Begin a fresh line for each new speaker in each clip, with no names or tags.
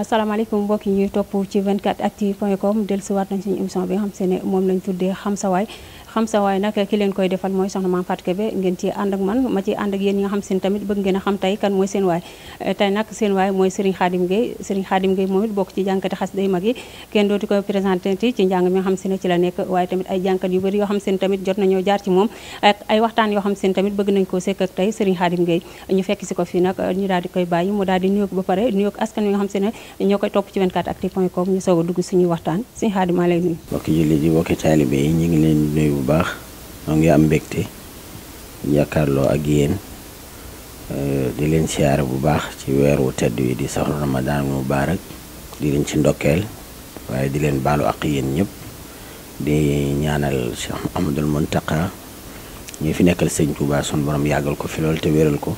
asalaamaaleykum mbokk yi ñuy topp ci 24actu point com dellusiwaat nañ suñu émission bi nga xam se ne moom lañ tuddee xam sa xam sa waay nag ki leen koy defal mooy soxna maam Fatou Kébé ngeen ci ànd ak man ma ci ànd ak yéen xam seen tamit bëgg ngeen a xam tey kan mooy seen waay tey nag seen waay mooy Serigne Khadim Gueye Serigne Khadim Gueye moom ci jànkati yi ko présenté ci njàng mi nga xam se ne ci la nekk waaye tamit ay jànkat yu bëri yoo xam seen tamit jot nañoo jaar ci moom ay waxtaan yoo xam seen tamit bëgg nañ koo sekk tey Serigne Khadim Gueye ñu fekk si ko fii nag ñu daal di koy bàyyi mu daal di nuyoog ba pare nuyoog askan wi nga xam
se ñoo a bu baax ñoo ngi am mbégte yàkkaarloo ak yéen euh, di leen siyaare bu baax ci weeru tedd wi di saxru ramadan mubaarak di leen ci ndokkeel waaye di leen baalu ak yéen ñëpp di ñaanal Cheikh Ahmadul Muntaqa ñi fi nekkal sëñ Touba sun borom yàggal ko fi loolu te wéral ko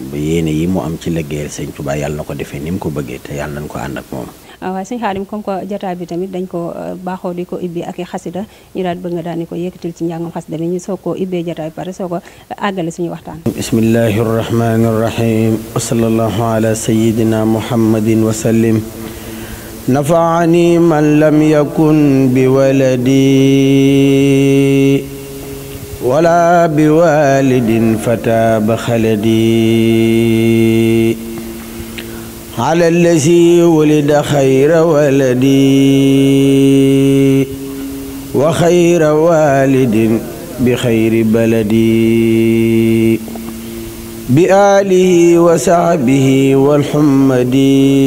ba yéene yi mu am ci liggéeyal sëñ Touba yàlla na ko defee ni mu ko bëggee te yàlla
nañ ko ànd ak moom Ah, waaye sëñ Xaadim comme que jotaay tamit dañ ko ah, baaxoo di ko ibbi ak i xasida ñu daal bëgg nga ko yëkkatil ci njàngam xasida bi ñu soo ko ibbee jotaay pare soo ko àggale suñu waxtaan
bismillahi rahmani rahim wa sallallahu ala sayidina muhammadin wa sallim nafaani man lam yakun bi waladi ولا بوالد فتاب على الذي ولد خير ولدي وخير والد بخير بلدي بآله وصحبه والحمدي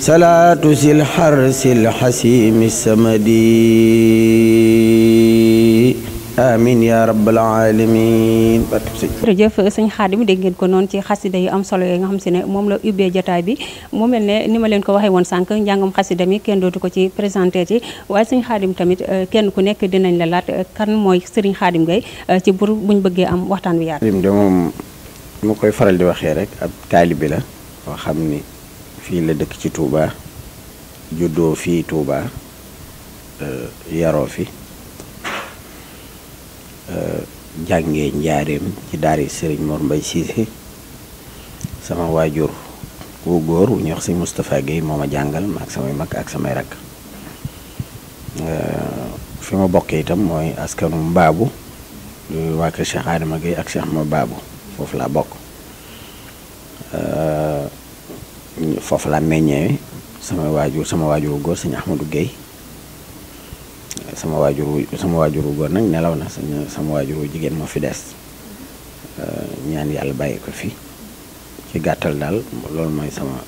صلاة ذي الحرس الحسيم السمدي amin yaa rabbal alamin
jërëjëf sëñ xaadim dégg ngeen ko noonu ci xasida yu am solo yi nga xam si ne moom la ubbee jotaay bi mu mel ne ni ma leen ko waxee woon sànq njàngam xasida mi kenn dootu ko ci présenté ci waaye sëñ xaadim tamit euh, kenn ku nekk dinañ la laat euh, kan mooy sëriñ xaadim ngay euh, ci bur buñ bëggee am waxtaan wi yaatu
xaadim de moom koy faral di waxee rek ab taalibi la boo xam ni fii la dëkk ci Touba juddoo fii Touba yaroo fi jàngee njaareem ci daari sëriñ Mor Mbay Siise sama waajur wu góor wu ñuy wax si Moustapha Guèye moo ma jàngal ma ak samay mag ak samay rakk euh, fi ma bokkee itam mooy askanu mbaabu waa kër Cheikh Adama Guèye ak Cheikh ma baabu foofu laa bokk euh, foofu laa meññee sama waajur sama waajur wu góor sëñ Ahmadou Guèye sama waajur wu sama waajur wu góor nag nelaw na sama waajur wu jigéen moo fi des euh, ñaan yàlla bàyyi ko fi ci gàttal daal loolu mooy sama.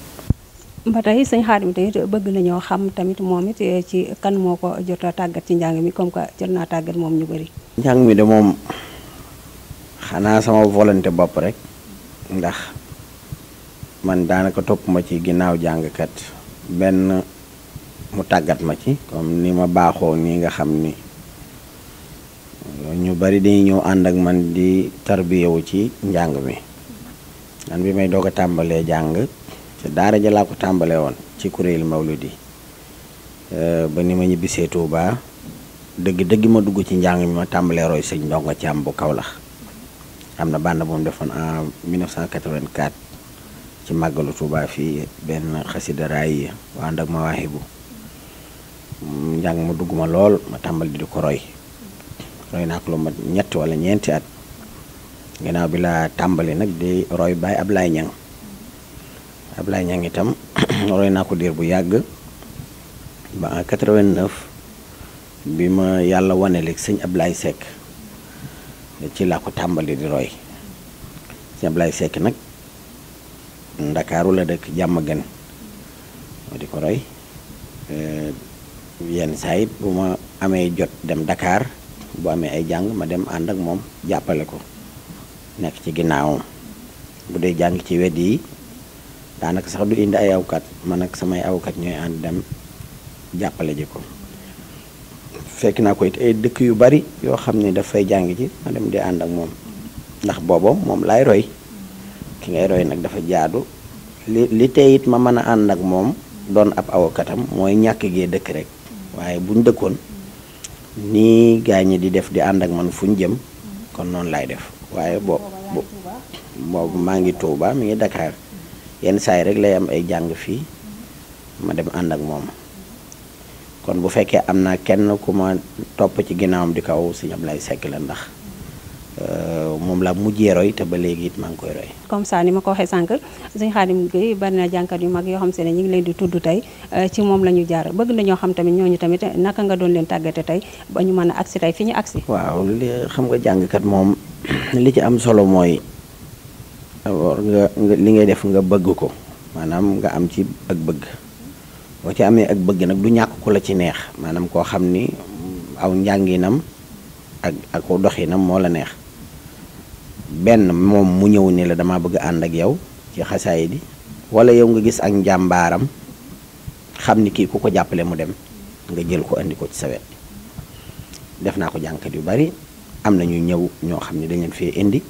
ba tey sëñ Xaadim tamit bëgg nañoo xam tamit moom it eh, ci kan moo ko jot a tàggat ci njàng mi comme que jot naa tàggat moom ñu bari
njàng mi de moom xanaa sama volonté bopp rek ndax man daanaka topp ma ci ginnaaw jàngkat benn. mu tàggat ma ci comme ni ma baaxoo nii nga xam ni ñu bari dañuy ñëw ànd ak man di tarbiyewu ci njàng mi man bi may doog a tàmbalee jàng ci daara ja laa ko tàmbalee woon ci kuréelu mawludi euh, ba ni ma ñibbisee Tuuba dëgg dëgg ma dugg ci njàng mi ma tàmbalee roy sëñ ndongo ci am bu Kawlax am na bànd bu mu defoon en 1984 ci màggalu Tuuba fii benn xasida raay yi ànd ma waaxibu njàng ma dugg ma lool ma tàmbali di ko roy roy naa ko lu mat ñetti walla ñeenti at ginnaaw bi laa tàmbali nag di roy Baay Ablaye Niang Ablaye Niang itam roy naa ko diir bu yàgg ba en 89 bi ma yàlla wane léegi sëñ Ablaye sekk ci laa ko tàmbali di roy sëñ Ablaye Seck nag ndakaaru la dëkk jàmm gën ma di ko roy euh, yenn saa it bu ma amee jot dem dakaar bu amee ay jàng ma dem ànd ak moom jàppale ko nekk ci ginnaawam bu dee jàng ci wet yi daanaka sax du indi ay awkat man ak samay awkat ñooy ànd dem jàppale ji ko fekk naa ko it ay dëkk yu bari yoo xam ni daf jàng ji ma dem di ànd ak moom ndax booba moom laay roy ki ngay roy nag dafa jaadu li li tey ma mën a ànd ak moom doon ab awkatam mooy ñàkk gee dëkk rek waaye buñ dëkkoon nii gaa ñi di def di ànd ak man fuñ jëm kon noonu laay def waaye boobu boobu maa ngi Touba mi ngi dakaar yenn saay rek lay am ay jàng fii ma dem ànd ak moom kon bu fekkee am na kenn ku ma topp ci ginnaawam di kaw sëñ Ablaye Seck la ndax Euh, moom laa mujjee roy te ba léegi it maa ngi koy roy.
comme saa ni ma ko waxee sànq suñu Xaadim Gueye bari jànkat yu mag yoo xam se ne ñu ngi leen di tudd tey euh, ci moom la ñu jaar bëgg nañoo xam tamit ñooñu tamit naka nga doon leen tàggate tey ba ñu mën a tey fi ñu agsi.
waaw li xam nga jàngkat moom li ci am solo mooy nga ngay def nga bëgg ko maanaam nga am ci ak bëgg boo ci amee ak bëgg nag du ñàkk ku la ci neex maanaam koo xam ni aw njànginam ak ak doxinam moo la neex. benn moom mu ñëw ni la dama bëgg ànd ak yow ci xasaay di wala yow nga gis ak njàmbaaram xam ni kii ku ko jàppale mu dem nga jël ko andi ko ci sa def naa ko jànkat yu bari am na ñu ñëw ñoo xam ne dañ leen fee indi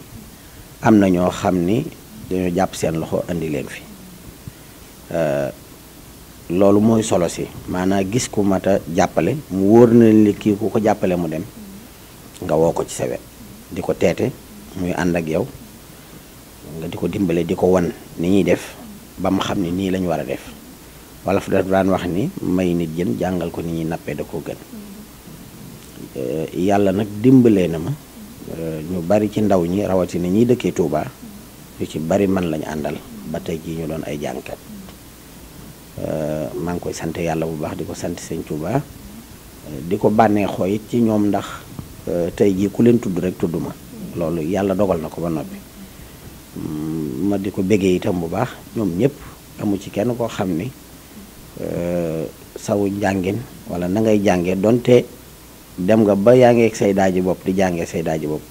am na ñoo xam ni dañoo jàpp seen loxo indi leen fi euh, loolu mooy solo si maanaam gis ku mat jàppale mu wóor na li kii ku ko jàppale mu dem nga woo ko ci sa di ko teete muy ànd ak yow nga di ko dimbale di ko wan ni ñuy def ba mu xam ne nii lañu war a def wala fu def daan wax ni may nit jën jàngal ko ni ñuy nappee da koo gën eh, yàlla nag dimbalee na ma eh, ñu bari ci ndaw ñi rawatina ñiy dëkkee Touba ñu ci bari man lañu àndal ba tey jii ñu doon ay jàngkat eh, maa ngi koy sante yàlla bu baax di ko sant sëñ Touba di ko bànneexoo it ci ñoom ndax tey jii ku leen tudd rek tudd ma loolu yàlla dogal na ko ba noppi mm, ma di ko bëggee itam bu baax ñoom ñëpp amu ci kenn koo xam ni euh, sawu njàngin wala na ngay jàngee donte dem nga ba yàngee ngi ak say daaji bopp di jàngee say daaji bopp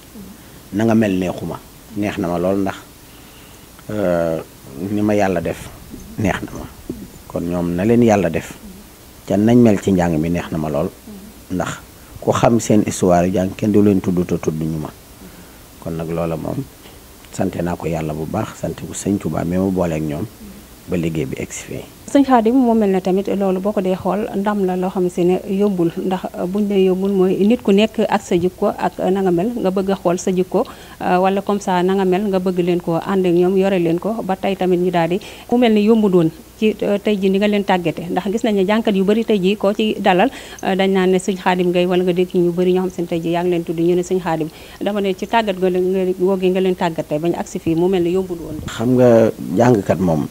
na nga mel ma neex na ma lool ndax euh, ni ma yàlla def neex na ma kon ñoom na leen yàlla def ca nañ mel ci njàng mi neex na ma lool ndax ku xam seen histoire jàng kenn du leen tudd te ñu ma kon nag loola moom sante naa ko yàlla bu baax sant bu sëñ Tuubaa mi ma booleek ñoom ba liggéey bi egsi fii
sëñ Xaadim moo mel ne tamit loolu boo ko dee xool ndam la loo xam si ne yóbbul ndax buñ ne yóbbul mooy nit ku nekk ak sa jikko ak nanga mel nga bëgg a xool sa jikko euh, wala comme ça nanga mel nga bëgg leen ko ànd ak ñoom yore leen ko ba tey tamit ñu daal di ku mel ni yombu doon ci euh, tey ji ni nga leen tàggate ndax gis nañ ne jànkat yu bëri tey ji koo ci dalal euh, dañ naan ne sëñ Xaadim ngay wala nga dégg ñu bëri ñoo xam seen tey ji yaa ngi leen tudd ñu ne sëñ Xaadim dama ne ci tàggat nga leen nga leen tàggat tey bañ agsi fii mu mel ne yombu doon
xam nga jàngkat moom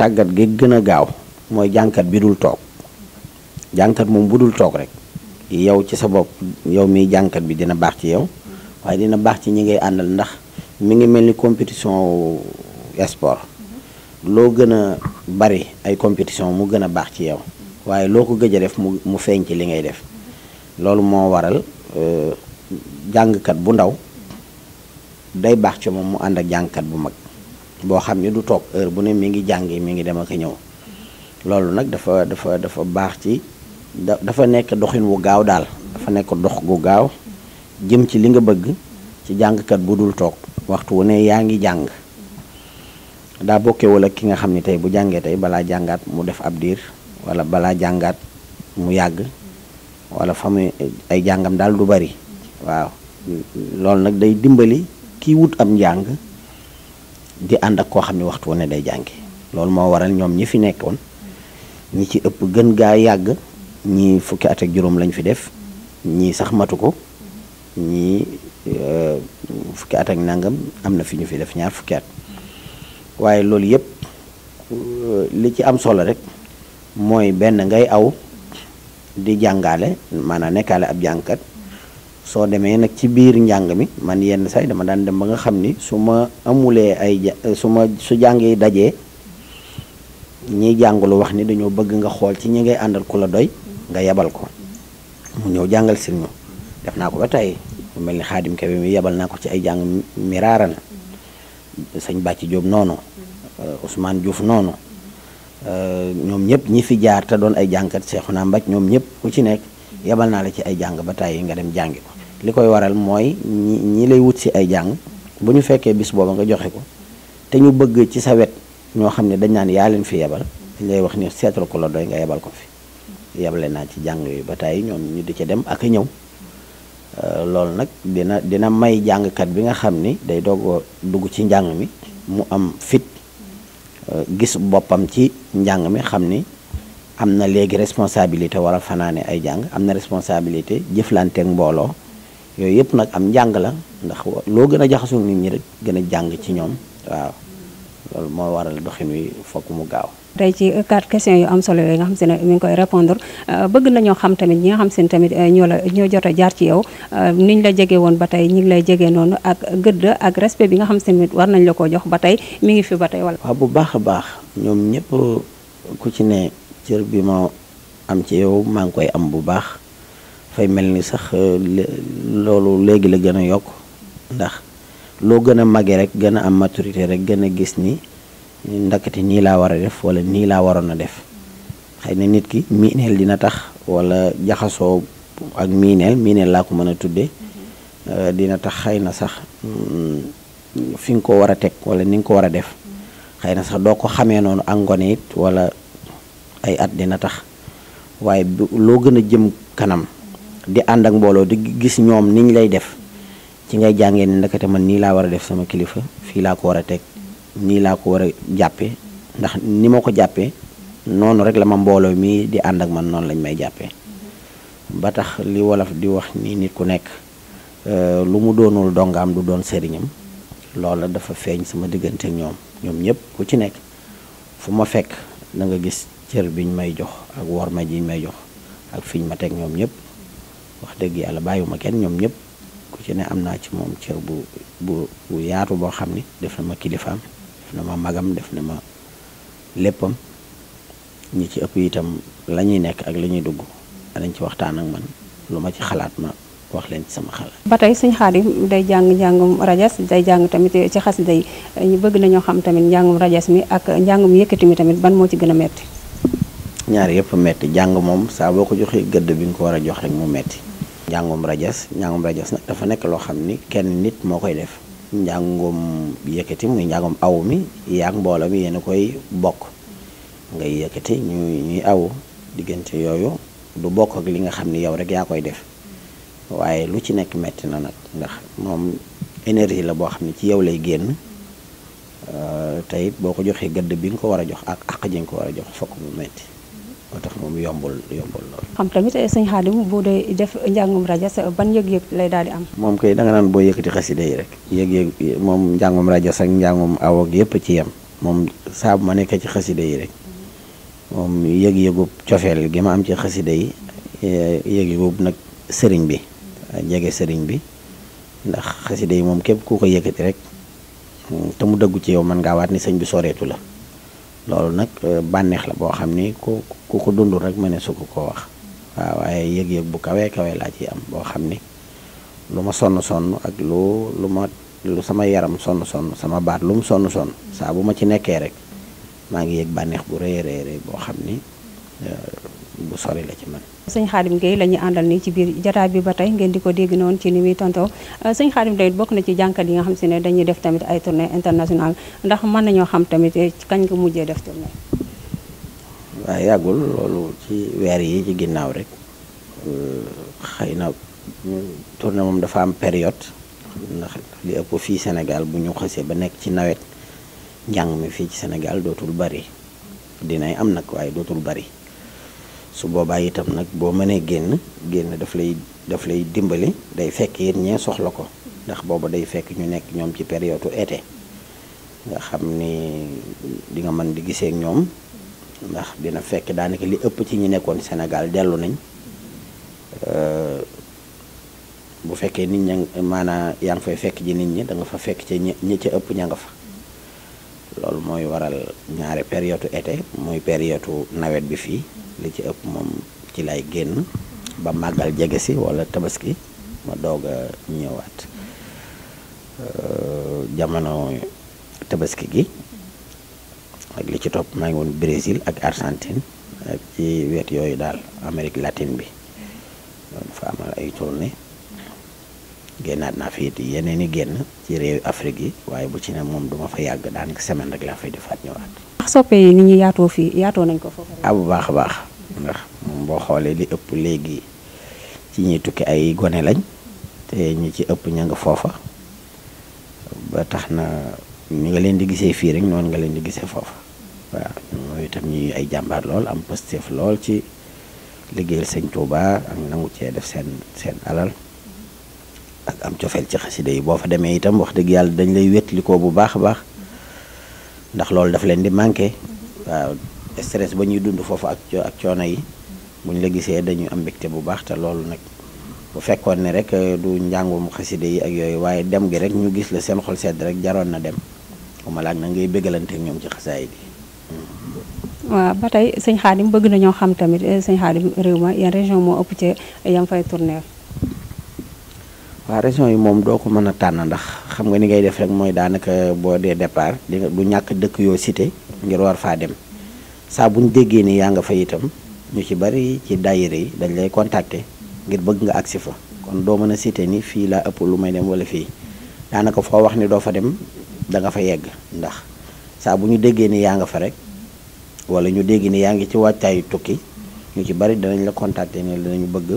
tàggat gi gën a gaaw mooy jànkat bi dul toog jànkat moom bu dul toog rek yow ci sa bopp yow miy jànkat bi dina baax ci yow waaye dina baax ci ñi ngay àndal ndax mu ngi mel ni compétition sport loo gën a bari ay compétition mu gën a baax ci yow waaye loo ko gëj a def mu mu feeñ ci li ngay def loolu moo waral euh, jàngkat bu ndaw day baax ci moom mu ànd ak jàngkat bu mag boo xam ne du toog heure bu ne mi ngi jàngi mi ngi dem ak ñëw loolu nag dafa dafa dafa baax ci dafa nekk doxin wu gaaw daal dafa nekk dox gu gaaw jëm ci li nga bëgg ci jàngkat bu dul toog waxtu wu ne yaa ngi jàng daa bokkewul ak ki nga xam ni tey bu jàngee tey balaa jàngaat mu def ab diir wala balaa jàngaat mu yàgg wala fa mu ay jàngam daal du bari waaw loolu nag day dimbali kiy wut am njàng di ànd ak koo xam ne waxtu wu ne day jàngi loolu moo waral ñoom ñi fi nekkoon ñi ci ëpp gën gaa yàgg ñii fukki at ak juróom lañu fi def ñii sax matu ko ñii euh, fukki at ak nangam am na fi ñu fi def ñaar fukki at waaye loolu yëpp euh, li ci am solo rek mooy benn ngay aw di jàngaale maanaam nekkaale ab jàngkat soo demee nag ci biir njàng mi man yenn say dama daan dem ba nga xam ni su ma amulee ay eh, su ma su jàng yi dajee ñiy jàngulu wax ni dañoo bëgg nga xool ci ñi ngay àndal ku la doy nga yebal ko mu ñëw jàngal si ñu def naa ko ba tey mu mel ni xaadim kebe mi yebal naa ko ci ay jàng miraaran sëñ bàcc Jóob noonu eh, Ousmane Diouf noonu eh, ñoom ñëpp ñi fi jaar te doon ay seexu naa Mbaj ñoom ñëpp ku ci nekk yebal naa la ci ay jàng ba tàyyi nga dem jàngi ko li koy waral mooy ñi ñi lay wut si ay jàng bu ñu fekkee bis booba nga joxe ko te ñu bëgg ci sa wet ñoo xam ne dañ naan yaa leen fi yebal dañ lay wax ni seetal ko la doy nga yebal ko fi yebale naa ci jàng yooyu ba tey ñoom ñu di ca dem ak a ñëw euh, loolu nag dina dina may jàngkat bi nga xam ni day doog dugg ci njàng mi mu am fit euh, gis boppam ci njàng mi xam ni am na léegi responsabilité wara a fanaane ay jàng am na responsabilité jëflanteeg mbooloo yooyu yëpp nag am njàng la ndax loo gën a jaxasoo nit ñi rek gën a jàng ci ñoom waaw loolu moo waral doxin wi fokk
mu gaaw. tey ci quatre questions yu am solo yooyu nga xam si ne mi ngi koy répondre euh, bëgg nañoo xam tamit ñi nga xam si ne tamit euh, ñoo la ñoo jot a jaar ci yow euh, niñ la jege woon ba tey ñu ngi lay jege noonu ak gëdd ak respect bi nga xam si war nañ la ko jox ba tey mi ngi fi ba tey wala.
waaw bu baax a baax ñoom ñëpp ku ci ne cër bi ma am ci yow maa ngi koy am bu baax. dafay mel ni sax euh, loolu léegi la gën a yokk ndax loo gën a màggee rek gën a am maturité rek gën a gis ni ndakati nii laa war a def wala nii laa waroon a def xëy na nit ki miineel dina tax wala jaxasoo ak miineel miineel laa ko mën a tudde euh, dina tax xëy na sax mm, fi nga ko war a teg wala ni nga ko war a def xëy na sax doo ko xamee noonu ak ngone it wala ay at dina tax waaye loo gën a jëm kanam di ànd ak mbooloo di gis ñoom niñ lay def ci ngay jàngee ni ndekete man nii laa war a def sama kilifa fii laa ko war a teg nii laa ko war a jàppee ndax ni ma ko jàppee noonu rek la ma mbooloo mii di ànd ak man noonu lañ may jàppee ba tax li wolof di wax ni nit ku nekk euh, lu mu doonul dongaam du doon sëriñam loola dafa feeñ sama diggante ak ñoom ñoom ñëpp ku ci nekk fu ma fekk da gis cër biñ may jox ak worma jiñ may jox ak fiñ ma teg ñoom ñëpp wax dëgg yàlla bàyyiwuma kenn ñoom ñëpp ku ci ne am naa ci moom cër bu bu bu yaatu boo xam ni def na ma kilifaam def na ma magam def na ma léppam ñi ci ëpp yitam lañuy nekk ak la ñuy dugg dañ ci waxtaan ak man lu ma ci xalaat ma wax leen ci sama xalaat.
ba tey sëñ xaari day jàng njàngum rajas day jàng tamit ci xas yi ñu bëgg nañoo xam tamit njàngum rajas mi ak njàngum yëkkati mi tamit ban moo ci gën a metti
ñaar yëpp metti jàng moom saa boo ko joxee gëdd bi nga ko war a jox rek mu metti njàngum rajas njàngum rajas nag dafa nekk loo xam ni kenn nit moo koy def njàngum yëkkati muy njàngum aw mi yaag mbooloo mi yéen a koy bokk ngay yëkkati ñu ñuy aw diggante yooyu du bokk ak li nga xam ni yow rek yaa koy def waaye lu ci nekk metti na nag ndax moom énergie la boo xam ne ci yow lay génn tey boo ko joxee gëdd bi nga ko war a jox ak àq nga ko war a jox fokk mu metti moo tax moom yombul yombul lool.
xam tamit eh, sëñ Xaadim boo dee def njàngum rajas ban yëg-yëg lay daal di am.
moom kay danga naan boo yëkkati xasida yi rek. yëg-yëg moom njàngum rajas ak njàngum awoog yëpp ci yem moom saa bu ma nekkee ci xasida yi rek moom yëg-yëgub cofeel gi ma am ci xasida yi eh, yëg-yëgub nag sëriñ bi jege sëriñ bi ndax xasida yi moom képp ku ko yëkkati rek te mu dëggu ci yow mën ngaa waat ni sëñ bi soreetu la. loolu nag euh, bànneex la boo xam ni ku ku ko dundul rek ma ne su ko koo wax waaye yëg-yëg bu kawee kawee laa ci am boo xam ni lu ma sonn sonn ak lu lu ma lu sama yaram sonn sonn sama baat lu mu sonn sonn saa bu ma ci nekkee rek maa ngi yëg bànneex bu rëy rëy rëy boo xam ni euh, bu sori la ci man
sëñ Xaadim Gueye àndal nii ci biir jataay bi ba tey ngeen ko dégg noonu ci muy tontoo euh, sëñ Xaadim tamit bokk ci jànkat yi nga xam si ne dañuy def tamit ay tournée internationale ndax mën nañoo xam tamit eh, kañ mujjee def tournée
waaw yàggul loolu ci weer yi ci ginnaaw rek euh, xëy na tournée moom dafa am période ndax li ëpp fii Sénégal bu ñu xësee ba nekk ci nawet njàng mi fii ci Sénégal dootul bari dinay am nag waaye dootul bari su boobaa itam nag boo mënee génn génn daf lay daf lay dimbali day fekk yéen ñee soxla ko ndax booba day fekk ñu nekk ñoom ci u été nga xam ni di nga mën di gisee ñoom ndax dina fekk daanaka li ëpp ci ñi nekkoon senegal dellu nañ bu fekkee nit ña maanaa yaa ngi fay fekk ji nit ñi da nga fa fekk ca ñi ca ëpp ña nga fa loolu mooy waral ñaari période été mooy période nawet bi fii li ci ëpp moom ci lay génn ba màggal jege si wala tabaski ma doog a ñëwaat euh, jamono tabaski gi ak li ci topp maa ngi woon Brésil ak Argentine ak ci wet yooyu daal Amérique latine bi dafa amal ay tournée génnaat naa fi it yeneen i génn ci réew Afrique yi waaye bu ci ne moom duma fa yàgg daanaka semaine rek laa fay defaat ñëwaat.
ndax soppe yi ni ñu yaatoo fii yaatoo nañ ko foofu.
ah bu baax a baax ndax moom boo xoolee li ëpp léegi ci tukki ay gone lañ te ñi ci ëpp ña foofa ba tax na ñu nga leen di gisee fii rek noonu nga leen di gisee foofa waaw mooy itam ñuy ay jàmbaar lool am positif lool ci liggéeyal sëñ Touba ak nangu cee def seen seen alal. ak am cofeel ci xasida yi boo fa demee itam wax dëgg yàlla dañ lay wétlikoo bu baax a baax ndax loolu daf leen di manqué waaw stress ba ñuy dund foofu ak ak coono yi buñ la gisee dañuy am mbégte bu baax te loolu nag bu fekkoon ne rek euh, du njàngum xasida yi ak yooyu waaye dem gi rek ñu gis la seen xol sedd rek jaroon na dem uma laaj na ngay bëggalante ñoom ci xasaay bi
waaw ba tey sëñ Xaadim bëgg nañoo xam tamit euh, sëñ Xaadim réew ma yan région moo ëpp
waa région yi moom doo ko mën a tànn ndax xam nga ni ngay def rek mooy daanaka boo dee départ di nga du ñàkk dëkk yoo cité ngir war faa dem saa bu ñu déggee ni yaa nga fa itam ñu ci bari ci daayira yi dañ lay contacter ngir bëgg nga agsi fa kon doo mën a cité ni fii laa ëpp lu may dem wala fii daanaka foo wax ni doo fa dem da nga fa yegg ndax saa bu ñu déggee ni yaa nga fa rek wala ñu dégg ni yaa ngi ci wàccaayu tukki ñu ci bari danañ la contacter ne danañu bëgg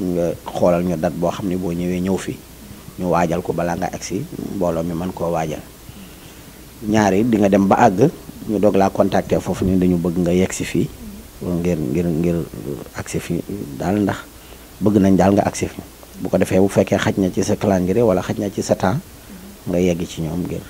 nga xoolal ñu dat boo xam ne boo ñëwee ñëw fi ñu waajal ko balaa nga agsi mbooloo mi man koo waajal ñaari di nga dem ba àgg ñu doog laa contacter foofu ni dañu bëgg nga yegg si fii ngir ngir ngir agsi fi daal ndax bëgg nañ daal nga agsi fi bu ko defee bu fekkee xaj na ci sa calendrier wala xaj na ci sa temps nga yegg ci ñoom ngir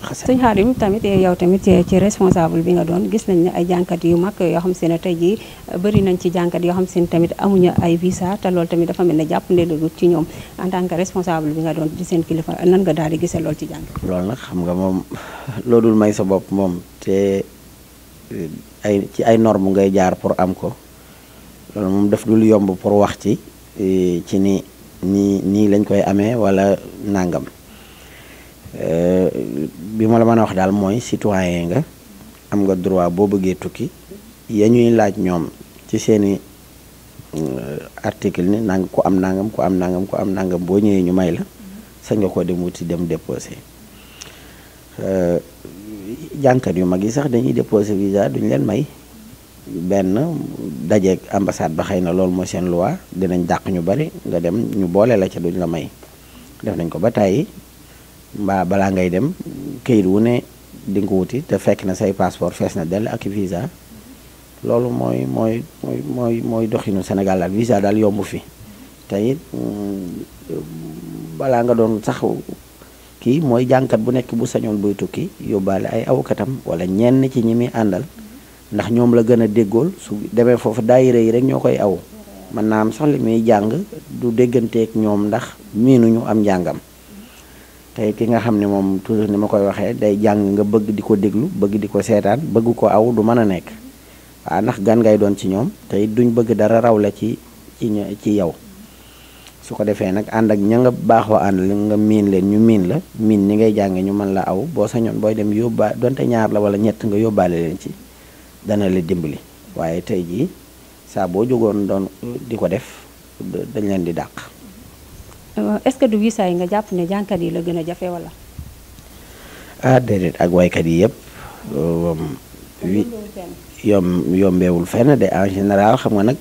sëñ Xaadim tamit eh, yow tamit eh, ci responsable bi nga doon gis nañ ne ay jànkat yu mag yoo xam se ne tey jii eh, bëri nañ ci jànkat yoo xam se ne tamit amuñu ay visa te loolu tamit dafa mel ne jàpp ne dugg ci ñoom en tant que responsable bi nga doon di seen kilifa nan nga daal di gisee loolu ci jànkat
loolu nag xam nga moom loodul may sa bopp moom te ay ci ay norme ngay jaar pour am ko loolu moom daf dul yomb pour wax ci ci ni nii nii lañ koy amee wala nàngam Euh, bi ma la mën a wax daal mooy citoyen nga am nga droit boo bëggee tukki ya ñuy laaj ñoom ci seeni euh, article ni nang ku am nangam ku am nangam ku am nangam boo ñëwee ñu may la sañ nga ko dem wuti dem déposé euh, jànkat yu mag yi sax dañuy déposé visa duñ leen may benn dajeeg ambassade ba xëy na loolu moo seen loi dinañ dàq ñu bari nga dem ñu boole la ca duñ la may def nañ ko ba tàyyi mbaa balaa ngay dem këyit wu ne di nga wuti te fekk na say passeport fees na dell ak visa loolu mooy mooy mooy mooy mooy doxinu Sénégal daal visa daal yomb fi te it mm, balaa nga doon sax kii mooy jànkat bu nekk bu sañoon buy tukki yóbbaale ay awkatam wala ñenn ci ñi muy àndal ndax ñoom la gën a déggool su demee foofu daayira yi rek ñoo koy aw mën naa am sax li muy jàng du dégganteeg ñoom ndax miinu ñu am njàngam tey ki nga xam ne moom toujours ni ma koy waxee day jàng nga bëgg di ko déglu bëgg di ko seetaan bëgg ko aw du mën a nekk waaw ndax gan ngay doon ci ñoom tey duñ bëgg dara raw la ci ci ci yow su ko defee nag ànd ak ña nga baaxoo ànd li nga miin leen ñu miin la miin ni ngay jànge ñu mën la aw boo sañoon booy dem yóbba donte ñaar la wala ñett nga yóbbaale leen ci dana la dimbali waaye tey jii saa boo jógoon doon di ko def dañ leen di dàq
Euh, est-ce que du wisaa yi nga jàpp ne jànkat yi la gën a jafe wala.
ah déedéet ak waykat yi yëpp. Um, wi yom yombeewul fenn de en général xam nga nag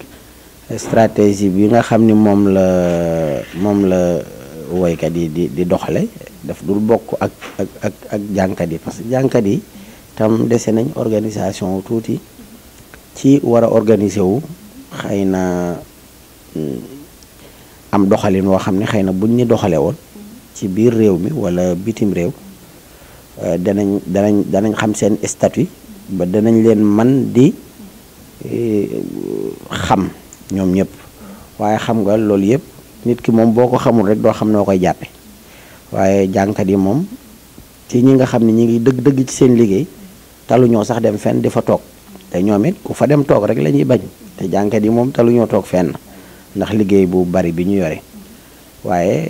stratégie bi nga xam ni moom la moom la woykat yi di di doxale daf dul bokk ak ak ak ak jànkat yi parce que jànkat yi tam dese nañ organisation tuuti ci war a organiser wu na. am doxalin woo xam ne xëy na buñ ñu doxalee woon ci biir réew mi wala bitim réew euh, danañ danañ danañ xam seen statut ba danañ leen man di euh, xam ñoom ñëpp waaye xam nga loolu yëpp nit ki moom boo ko xamul rek doo xam noo koy jàppe waaye jànkat yi moom ci ñi nga xam ne ñi ngi dëgg ci seen liggéey taluñoo sax dem fenn di toog te ñoom it ku fa dem toog rek la bañ te jànkat yi moom taluñoo toog fenn ndax liggéey bu bari bi ñu yore waaye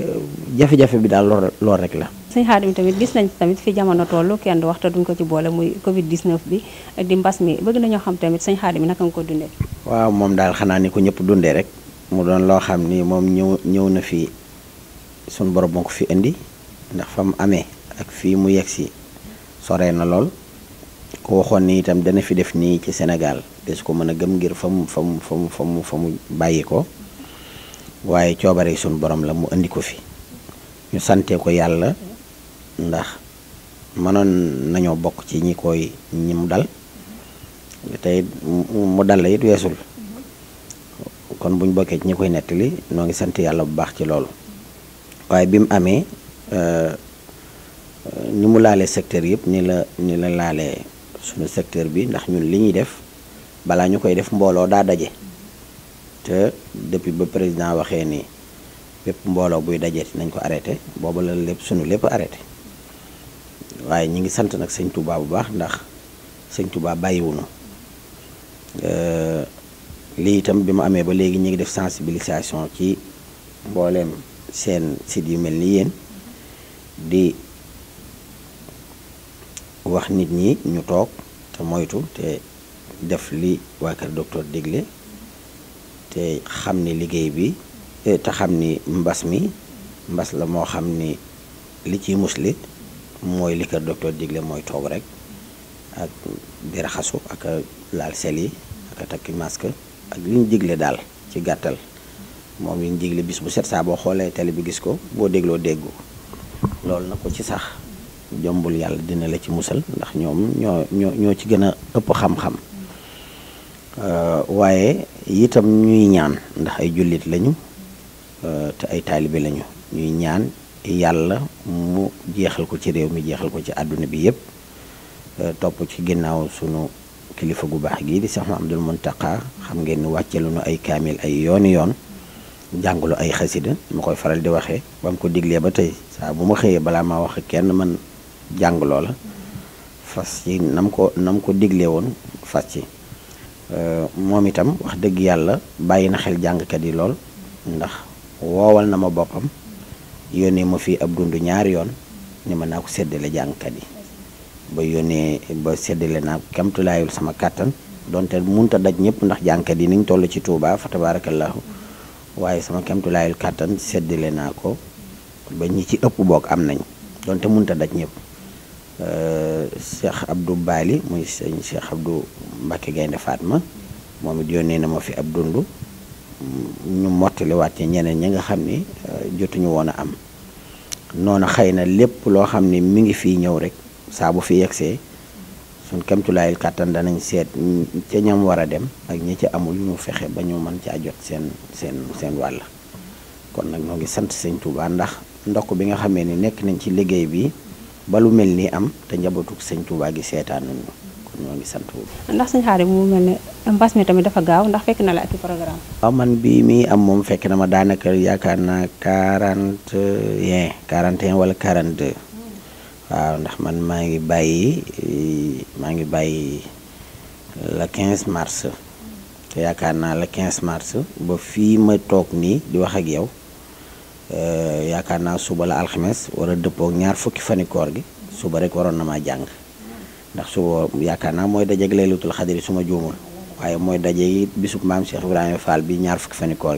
jafe-jafe bi daal lool lool rek la.
sañ sëñ Xaadim tamit gis nañ tamit fi jamono toll kenn du waxta duñ ko ci boole muy Covid 19 bi di mbas mi bëgg nañoo xam tamit sëñ Xaadim naka nga ko dundee.
waaw moom daal xanaa ni ko ñëpp dunde rek mu doon loo xam ni moom ñëw ñëw na fi suñ borom moo ko fi indi ndax fa mu amee ak fii mu yegg si soree na lool ko waxoon ni itam dana fi def nii ci Sénégal des ko mën a gëm ngir fa mu fa mu mu bàyyi ko. waaye coobare suñu borom la mu indi ko fi ñu sante ko yàlla ndax manoon nañoo bokk ci ñi koy ñi mu dal tey mu dal la it weesul kon buñ bokkee ci ñi koy nettali noo ngi sant yàlla bu baax ci loolu waaye bi mu amee euh, ni mu laalee secteur yëpp ni la ni la laale suñu secteur bi ndax ñu li ñuy def balaa ñu koy def mbooloo daa daje te depuis ba président waxee ni bépp mbooloo buy dajeeti nañ ko arrêté booba la lépp suñu lépp arrêté waaye ñi ngi sant nag sëñ Touba bu baax ndax sëñ bàyyiwu bàyyiwunu lii itam bi mu amee ba léegi ñu ngi def sensibilisation ci mbooleem seen site yu mel ni yéen di wax nit ñi ñu toog te moytu te def li waa kër docteur digle te xam ni liggéey bi eh, te xam ni mbas mi mbas la moo xam ni li ciy musli mooy li ko docteur digle mooy toog rek ak di raxasu ak laal seli yi ak takki masque ak li digle daal ci gàttal moom li digle bis bu set saa boo xoolee télé bi gis ko boo dégloo déggu loolu na ko ci sax jombul yàlla dina la ci musal ndax ñoom ñoo ñoo ñoo ci gën a ëpp xam-xam Euh, waaye itam ñuy ñaan ndax ay jullit lañu euh, te ay taalibe lañu ñuy ñaan yàlla mu jeexal ko ci réew mi jeexal ko ci àdduna bi yëpp euh, topp ci ginnaaw sunu kilifa gu baax gii di Seex Muhammadul Muntaqa xam ngeen ni wàcceelu nu ay kaamil ay yooni yoon jàngalu ay xasida ma koy faral di waxee bam ko diglee ba tey saa bu ma xëyee balaa maa wax kenn man jàng la fas ci nam ko nam ko diglee woon fas ci Euh, moom itam wax dëgg yàlla bàyyi na xel jàngkat yi lool ndax woowal na ma boppam yónnee ma fii ab dund ñaari yoon ni ma naa ko séddale jàngkat yi ba yónnee ba séddale naa kamtulaayul sama kàttan donte munta daj ñëpp ndax jàngkat yi niñ ñu toll ci Touba fa tabaarakallaahu waaye sama kamtulaayul kàttan séddale naa ko ba ñi ci ëpp boog am nañ donte munta daj ñëpp Euh, Cheikh Abdou Bali muy sëñ Cheikh Abdou Mbacke Gaynde Fatma moom it yónnee na ma fi ab dundu mm, ñu mottaliwaat ci ñeneen ñi nga xam ni euh, jotuñu woon a am noonu xëy na lépp loo xam ni mi ngi fii ñëw rek saa bu fi yegsee suñ kemtulaayil kàttan danañ seet ca ñam war a dem ak ñi ci amul ñu fexe ba ñu mën caa jot seen seen seen wàll kon nag ñoo ngi sant sëñ Touba ndax ndokk bi nga xamee ni nekk nañ ci liggéey bi balu mel nii am te njabootu sëñ Touba gi seetaan nañu kon ñoo ngi sant bu
ndax sëñ Xaadim mu mel ni mbas mi tamit dafa gaaw ndax fekk na la ak programme.
waaw man bii mii am moom fekk na ma yaakaar naa quarante et un quarante et un wala quarante deux waaw ndax man maa ngi bàyyi maa ngi bàyyi euh, le quinze mars. te yaakaar naa le quinze mars ba fii ma toog nii di wax ak yow. Euh, yaakaar naa suba la alxames war a dëppook ñaar fukki fani gi suba rek waroon na maa jàng ndax suba yaakaar naa mooy dajeeg laylatul xadri su ma juumul waaye mooy daje yi bisub maam Cheikh Ibrahima Fall bi ñaar fukki fani gi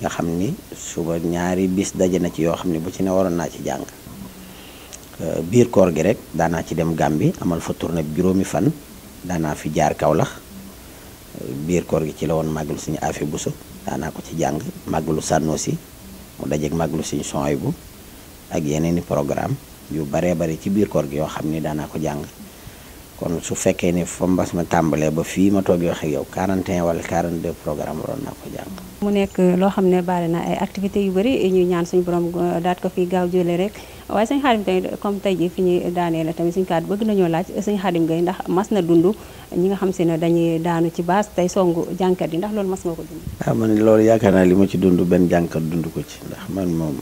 nga xam ni suba ñaari bis daje na ci yoo xam ne bu ci ne waroon naa ci jàng euh, biir koor gi rek daanaa ci dem Gàmbi amal fa tournée bi juróomi fan daanaa fi jaar kawlax euh, biir koor gi ci la woon màgglu suñu affaire bu so daanaa ko ci jàng màggalu sànnoo mu dajeeg màggalu Sëñ Suwaybu ak yeneen i programme yu baree bari ci biir koor gi yoo xam ni daanaa ko jàng kon su fekkee ni fa mbas ma tàmbalee ba fii ma toog wax ak yow 41 wala 42 programme waroon naa ko jàng.
mu nekk loo xam ne bari na ay activités yu bëri ñu ñaan suñ borom uh, daat ko fi gaaw jëlee rek waaye suñu xaadim comme tey jii fi ñuy daanee la tamit suñu bëgg nañoo laaj suñu xaadim gay ndax mas na dund ñi nga xam si ne dañuy daanu ci baas tey songu jànkat yi ndax loolu mas nga ko dund.
ah man loolu yaakaar naa li ma ci dund benn jànkat dund ko ci ndax man moom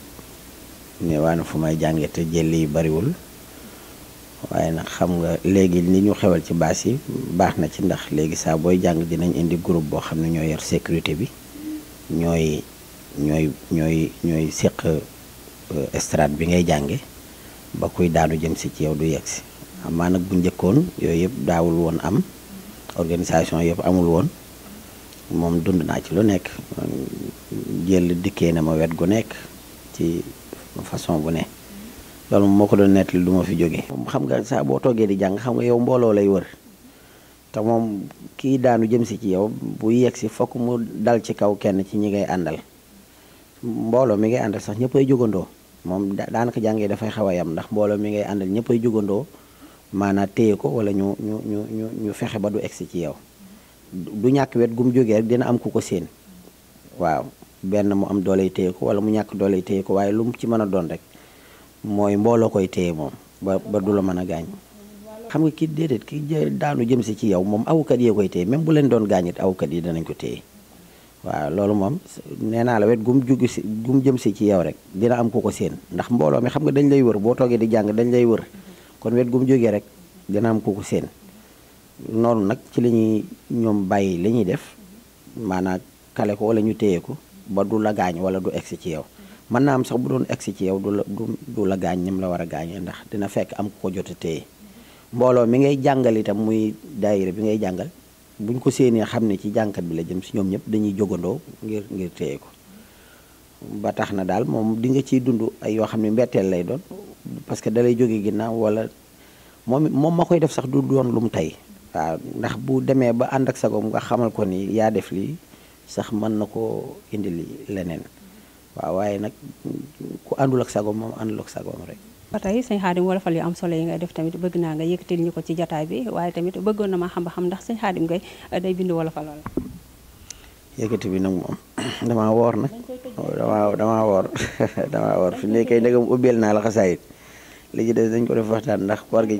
ne waa na fu may jàngee te jëli yi bariwul. waaye nag xam nga léegi li ñu xewal ci baas yi baax na ci ndax léegi saa booy jàng dinañ indi groupe boo xam ne ñoo yor sécurité bi ñooy ñooy ñooy ñooy séq euh, estrade bi ngay jànge ba kuy daanu jëm si ci yow du yegg si amaanag bu njëkkoon yooyu yëpp daawul woon am organisation yëpp amul woon moom dund naa ci lu nekk jël dikkee na ma wet gu nekk ci façon bu ne loolu moo ko doon nettali du ma fi jóge xam nga saa boo toogee di jàng xam nga yow mbooloo lay wër te moom kii daanu jëm si ci yow bu yegg si fokk mu dal ci kaw kenn ci ñi ngay àndal mbooloo mi ngay àndal sax ñëpp ay jógandoo moom daanaka jàngee dafay xaw a yam ndax mbooloo mi ngay àndal ñëpp ay jógandoo maanaam téye ko wala ñu ñu ñu ñu ñu fexe ba du egsi ci yow du ñàkk wet gu mu jógee rek dina am ku ko séen waaw benn mu am dooley téye ko wala mu ñàkk dooley téye ko waaye lu mu ci mën a doon rek. mooy mbooloo koy téye moom ba ba du la mën a gaañ xam nga ki déedéet ki daanu jëm si ci yow moom awukat yee koy téye même bu leen doon gaañit awukat yi danañ ko téye waaw loolu moom nee naa la gum jugg si gum jëm si ci yow rek dina am ku ko séen ndax mbooloo mi xam nga dañ lay wër boo toogee di jàng dañ lay wër kon wet gum jógee rek dina am ku ko séen noonu nag ci lañuy ñoom bàyyi li ñuy def maanaam kale ko wala ñu téye ko ba du la gaañ wala du egsi ci yow mën naa am sax bu doon egsi ci yow du la du la gaañ ñam la war a gaañee ndax dina fekk am ko jot a téye mbooloo mi ngay jàngal itam muy daayira bi ngay jàngal buñ ko séenee xam ne ci jànkat bi la jëm si ñoom ñëpp dañuy jógandoo ngir ngir téye ko ba tax na daal moom di nga ciy dund ay yoo xam ne mbetteel lay doon parce que dalay jóge ginnaaw wala moom moom ma koy def sax du doon lu mu tey waaw ndax bu demee ba ànd ak sagoom nga xamal ko nii yaa def lii sax mën na koo indil leneen waaw waaye nag ku àndul ak sagoom moom àndul ak sagoom rek.
ba tey sëñ Xaadim am solo yi ngay def tamit bëgg naa nga yëkkatil ñu ko ci jataay bi waaye tamit bëggoon na ma xam ba xam ndax sëñ Xaadim ngay eh, day bind wolofal wala.
yëkkati bi nag moom woor nag damaa damaa woor damaa woor fi ndegam ubbeel naa la xasaayit li ci des dañ ko def waxtaan ndax koor gi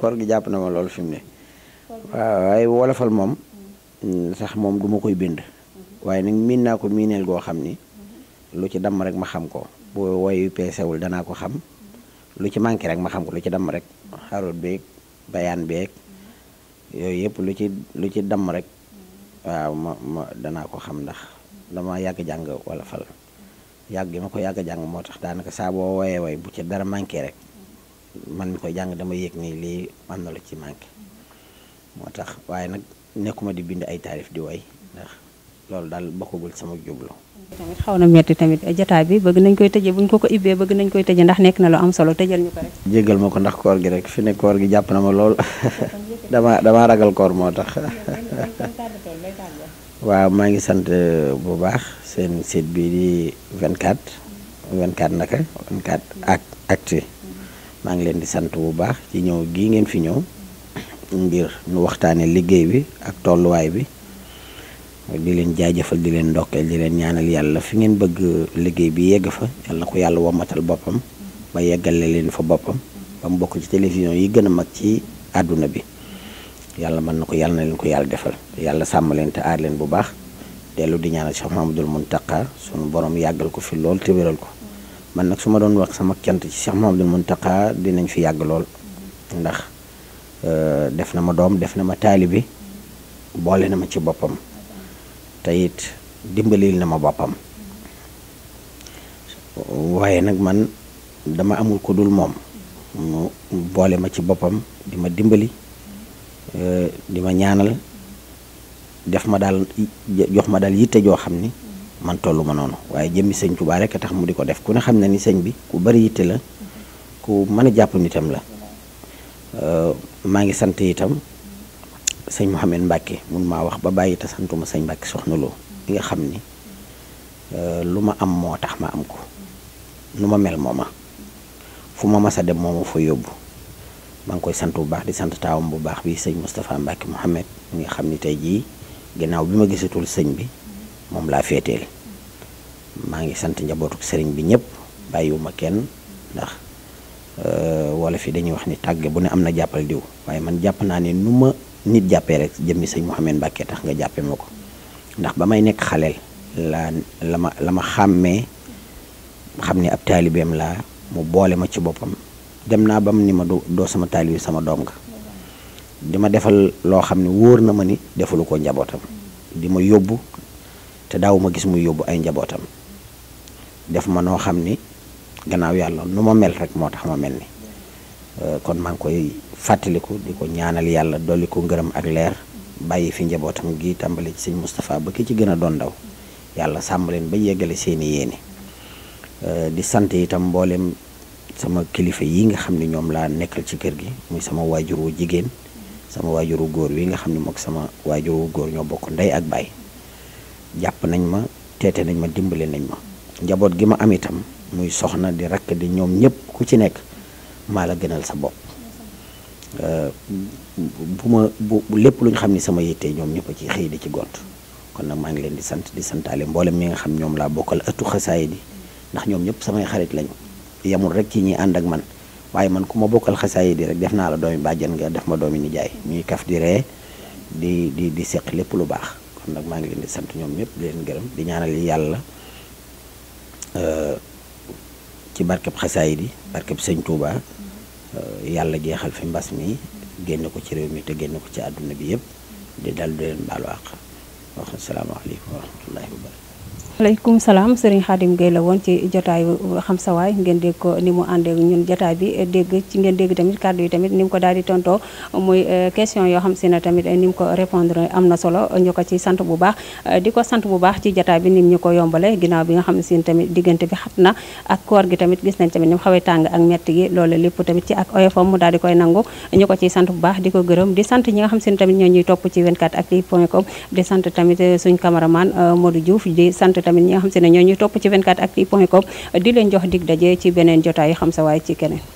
koor gi jàpp na ma loolu fi mu ne waaw waaye wolofal moom mm. sax moom du koy bind mm-hmm. waaye nag miin naa ko miineel goo xam ni. lu ci damm rek ma xam ko bu woyu peesewul danaa ko xam lu ci manqué rek ma xam ko lu ci damm rek xarut beeg bayaan beeg yooyu yëpp lu ci lu ci damm rek waaw ma ma danaa ko xam ndax dama yàgg jàng wala fal yàgg gi ma ko yàgg jàng moo tax daanaka saa boo woyee woy bu ci dara manqué rek man mi koy jàng dama yëg nii lii am lu ci manqué moo tax waaye nag nekkuma di bind ay taarif di woy ndax loolu daal bokkagul sama jublu
tamit xaw na metti tamit jataay bi bëgg nañ koy tëjee buñ ko ko ibbee bëgg nañ koy tëjee ndax nekk na lu am solo tëjal ñu ko rek.
jéggal ma ko ndax koor gi rek fi ne koor gi jàpp na ma lool dama dama ragal koor moo tax waaw maa ngi sant euh, bu baax seen site bii di 24 24 naka 24 ak actu maa ngi leen di sant bu baax ci ñëw gii ngeen fi ñëw ngir ñu waxtaanee liggéey bi ak tolluwaay bi. di leen jaajëfal di leen ndokkeel di leen ñaanal yàlla fi ngeen bëgg liggéey bi yegg fa na ko yàlla womatal boppam ba yeggale leen fa boppam ba mu bokk ci télévision yi gën a mag ci àdduna bi yàlla mën na ko yàlla na leen ko yàlla defal yàlla sàmm leen te aar leen bu baax dellu di ñaanal Cheikh mun Mountakha sunu boroom yàggal ko fi lool te wéral ko man nag su ma doon wax sama cant ci Cheikh Mouhamadoul Mountakha dinañ fi yàgg lool ndax euh, def na ma doom def na ma taalibe boole na ma ci boppam te it dimbalil na ma boppam waaye nag man dama amul ko dul moom mu boole ma ci boppam di ma dimbali euh, di ma ñaanal def ma daal jox ma daal yitte joo xam ni man tollu ma noonu waaye jëmmi sëñ Tuubaa rekk a tax mu di ko def ku ne xam na ni sëñ bi ku bari yitte la ku mën a jàpp nitam la euh, maa ngi sant itam sëñ Mouhamed Mbacke mun maa wax ba bàyyi te santuma sëñ Mbacke soxnaloo li nga xam ni euh, lu ma am moo tax ma am ko nu ma mel mooma fu ma mas a dem moo ma yóbbu maa ngi koy sant bu baax di sant taawam bu baax bii sëñ Moustapha Mbacke Mouhamed mi nga xam ni tey jii ginnaaw bi ma gisatul sëñ bi moom laa féeteel maa ngi sant njabootu sëriñ bi ñëpp bàyyiwuma kenn ndax euh, wala fi dañuy wax ni tàgge bu ne am na jàppal diw waaye man jàpp naa ne nu ma nit jàppee rek jëmmi sañ sëñ Mouhamed Mbacke tax nga jàppee ma ko ndax ba may nekk xaleel la la ma la ma xàmmee xam ne ab taalibeem laa mu boole ma ci boppam dem naa ba mu ni ma doo sama taalibi sama doom nga di ma defal loo xam ne wóor na ma ni defalu ko njabootam di ma yóbbu te daaw ma gis muy yóbbu ay njabootam def ma noo xam ni gannaaw yàlla nu ma mel rek moo tax ma mel ni euh, kon maa koy fàttaliku di ko ñaanal yàlla dolli ko ngërëm ak leer bàyyi fi njabootam gi tàmbali ci sëñ Moustapha ba ki ci gën a doon daw yàlla sàmm leen ba yeggale seeni yéene di sant itam mbooleem sama kilifa yi nga xam ni ñoom laa nekkal ci kër gi muy sama waajur wu jigéen sama waajuru góor wi nga xam ne mook sama waajur góor ñoo bokk ndey ak baay jàpp nañ ma teete nañ ma dimbale nañ ma njaboot gi ma am itam muy soxna di rakk di ñoom ñëpp ku ci nekk maa la gënal sa bopp Euh, bu ma bu lépp lu ñu xam ni sama yitte ñoom ñëpp a ci xëy di ci gont kon nag maa ngi leen di sant di santaale mboolem ñi nga xam ñoom laa bokkal ëttu xasaayid di ndax ñoom ñëpp samay xarit lañu yemul rek ci ñi ànd ak man waaye man ku ma bokkal xasaayid yi rek def naa la doomi bàjjan nga def ma doomi nijaay ñuy kaf di ree di di di seq lépp lu baax kon nag maa ngi leen di sant ñoom ñëpp leen gërëm di ñaanal yàlla euh, ci barkeb xasaayid yi barkeb sëñ Touba. Euh, yàlla jeexal fi mbas mi génn ko ci réew mi te génn ko ci àdduna bi yëpp di dal di leen baalu wax asalaamaaleykum wa rahmatullahi wa
aleykum salaam Serigne Khadim Gueye la woon ci jotaayu xam sa waay ngeen dégg ko ni mu àndee ñun jotaay bi dégg ci ngeen dégg tamit kàddu yi tamit ni mu ko daal di tontoo muy euh, question yoo xam si ne tamit ni mu ko répondre na solo ko ci sant bu baax euh, di ko sant bu baax ci jotaay bi nim ñu ko yombale ginnaaw bi nga xam ne si tamit diggante bi xat na ak koor gi tamit gis nañ tamit ni mu xawee tàng ak metti gi loolu lépp tamit ci ak oyofam di koy nangu ñu ko ciy sant bu baax di ko gërëm di sant ñi nga xam si ne tamit ñoo ñuy topp ci 24actu point com di sant tamit euh, suñ cameraman Modou Diouf di sant tamit ñi xam se ne ñoo ñu topp ci 24actu point com di leen jox dig daje ci beneen jotaayu xam sa waay ci keneen